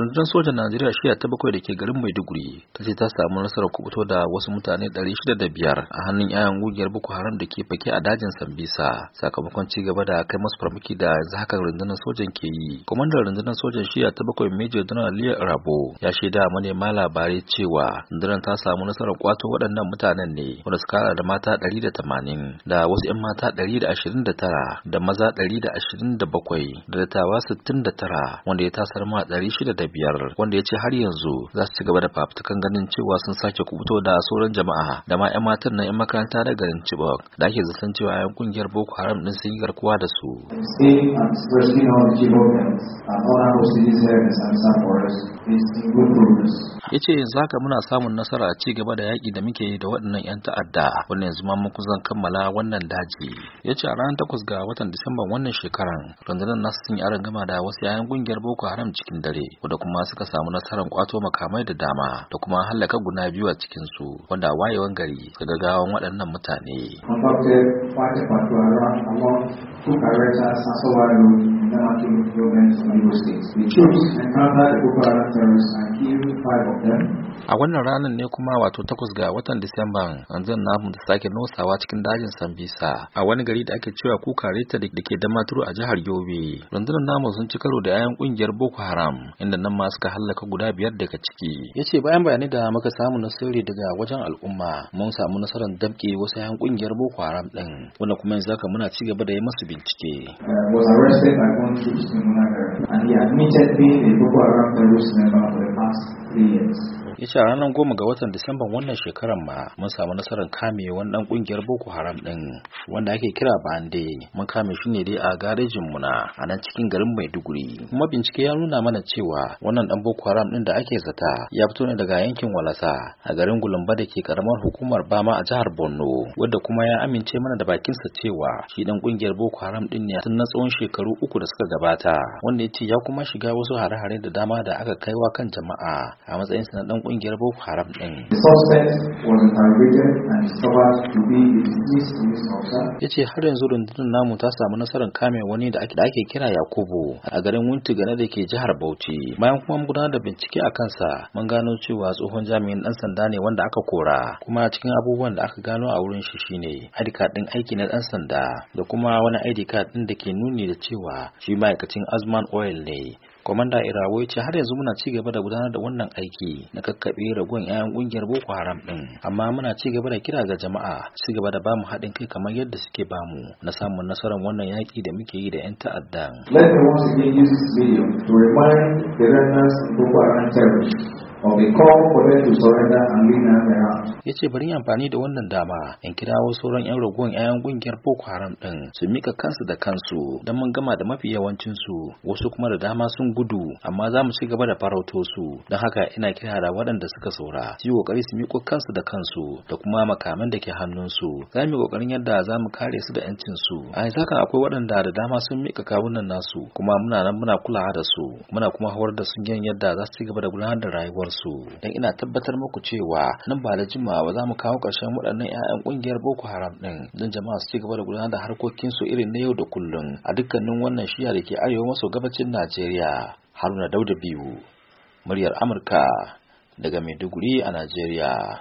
rundunar sojan najeriya shiya ta bakwai da ke garin maiduguri ta ce ta samu nasarar kubuto da wasu mutane 605 a hannun yayan gugiyar boko haram da ke fake a dajin sambisa sakamakon ci gaba da kai masu farmaki da zaka rundunar sojan ke yi kwamandan rundunar sojan shiya ta bakwai major donald liya rabo ya shaida manema labarai cewa rundunar ta samu nasarar kwato waɗannan mutanen ne wanda suka kara da mata 180 da wasu 'yan mata 129 da maza 127 da dattawa 69 wanda ya tasar ma biyar wanda ya ce har yanzu za su ci gaba da fafutukan ganin cewa sun sake kubuto da sauran jama'a da ma 'yan matan na 'yan makaranta da garin Chibok da ake zaton cewa 'yan kungiyar Boko Haram din sun yi garkuwa da su. Ya ce yanzu haka muna samun nasara a ci gaba da yaƙi da muke yi da waɗannan 'yan ta'adda wanda yanzu ma mun kusan kammala wannan daji. Ya ce a ranar takwas ga watan Disamban wannan shekaran rundunar nasu sun yi gama da wasu 'ya'yan kungiyar Boko Haram cikin dare. da kuma suka samu nasarar kwato makamai da dama da kuma hallaka guna biyu a cikin su wanda wayewan gari su ga gawan waɗannan mutane. states. The the Boko terrorists and killed five of them. A wannan ranar ne kuma wato takwas ga watan Disamba an zan namu da sake nosawa cikin dajin Sambisa a wani gari da ake cewa Kukareta da ke Damaturu a jihar Yobe. Rundunar namu sun ci karo da 'ya'yan kungiyar Boko Haram inda nan ma suka hallaka guda biyar daga ciki. Ya ce bayan bayanai da muka samu na daga wajen al'umma mun samu nasarar damke wasu 'ya'yan kungiyar Boko Haram din wanda kuma yanzu haka muna ci gaba da yi masu bincike. was arrested by one to the Munagar. And he admitted being a Boko Haram terrorist member for the past three years. ya ranar goma ga watan disamban wannan shekarar ma mun samu nasarar kame wani ɗan kungiyar boko haram ɗin, wanda ake kira bande mun kame shi ne dai a garejin mu na a nan cikin garin maiduguri kuma bincike ya nuna mana cewa wannan dan boko haram ɗin da ake zata ya fito ne daga yankin walasa a garin gulumba da ke karamar hukumar bama a jihar borno wadda kuma ya amince mana da bakinsa cewa shi ɗan ƙungiyar boko haram ɗin ne tun na tsawon shekaru uku da suka gabata wanda ya ce ya kuma shiga wasu hare-hare da dama da aka kaiwa kan jama'a a matsayin na dan kungiyar Boko Haram din. Ya ce har yanzu rundunar namu ta samu nasarar kame wani da ake kira Yakubu a garin Wunti gane da ke jihar Bauchi. Bayan kuma mun gudanar da bincike a kansa mun gano cewa tsohon jami'in dan sanda ne wanda aka kora kuma cikin abubuwan da aka gano a wurin shi shine ID card din aiki na dan sanda da kuma wani ID card din da ke nuni da cewa shi ma'aikacin azman oil ne Kwamanda Irawo ya ce har yanzu muna ci gaba da gudanar da wannan aiki na kakkaɓe ragon 'ya'yan ƙungiyar Boko Haram ɗin. Amma muna ci gaba da kira ga jama'a ci gaba da mu haɗin kai kamar yadda suke ba mu na samun nasarar wannan yaƙi da muke yi da 'yan ta'adda. Let me once again use this to remind the remnants of Boko Haram terrorists ya ce bari amfani da wannan dama in kirawo sauran 'yan ragon 'ya'yan gungiyar boko haram din su mika kansu da kansu don mun gama da mafi yawancin su wasu kuma da dama sun gudu amma za mu ci gaba da farauto su don haka ina kira da waɗanda suka saura su yi kokari su miko kansu da kansu da kuma makaman da ke hannunsu za mu yi kokarin yadda za mu kare su da 'yancin su a yanzu haka akwai waɗanda da dama sun mika kawunan nasu kuma muna nan muna kulawa da su muna kuma hawar da su yadda za su ci gaba da gudanar da rayuwar su dan ina tabbatar muku cewa nan ba da jimawa za mu kawo ƙarshen waɗannan 'ya'yan ƙungiyar Boko Haram ɗin, don jama'a su ci gaba da gudanar da harkokin su irin na yau da kullum a dukkanin wannan shiya da ke arewa maso gabacin Najeriya Haruna Dauda biyu muryar Amurka daga Maiduguri a Najeriya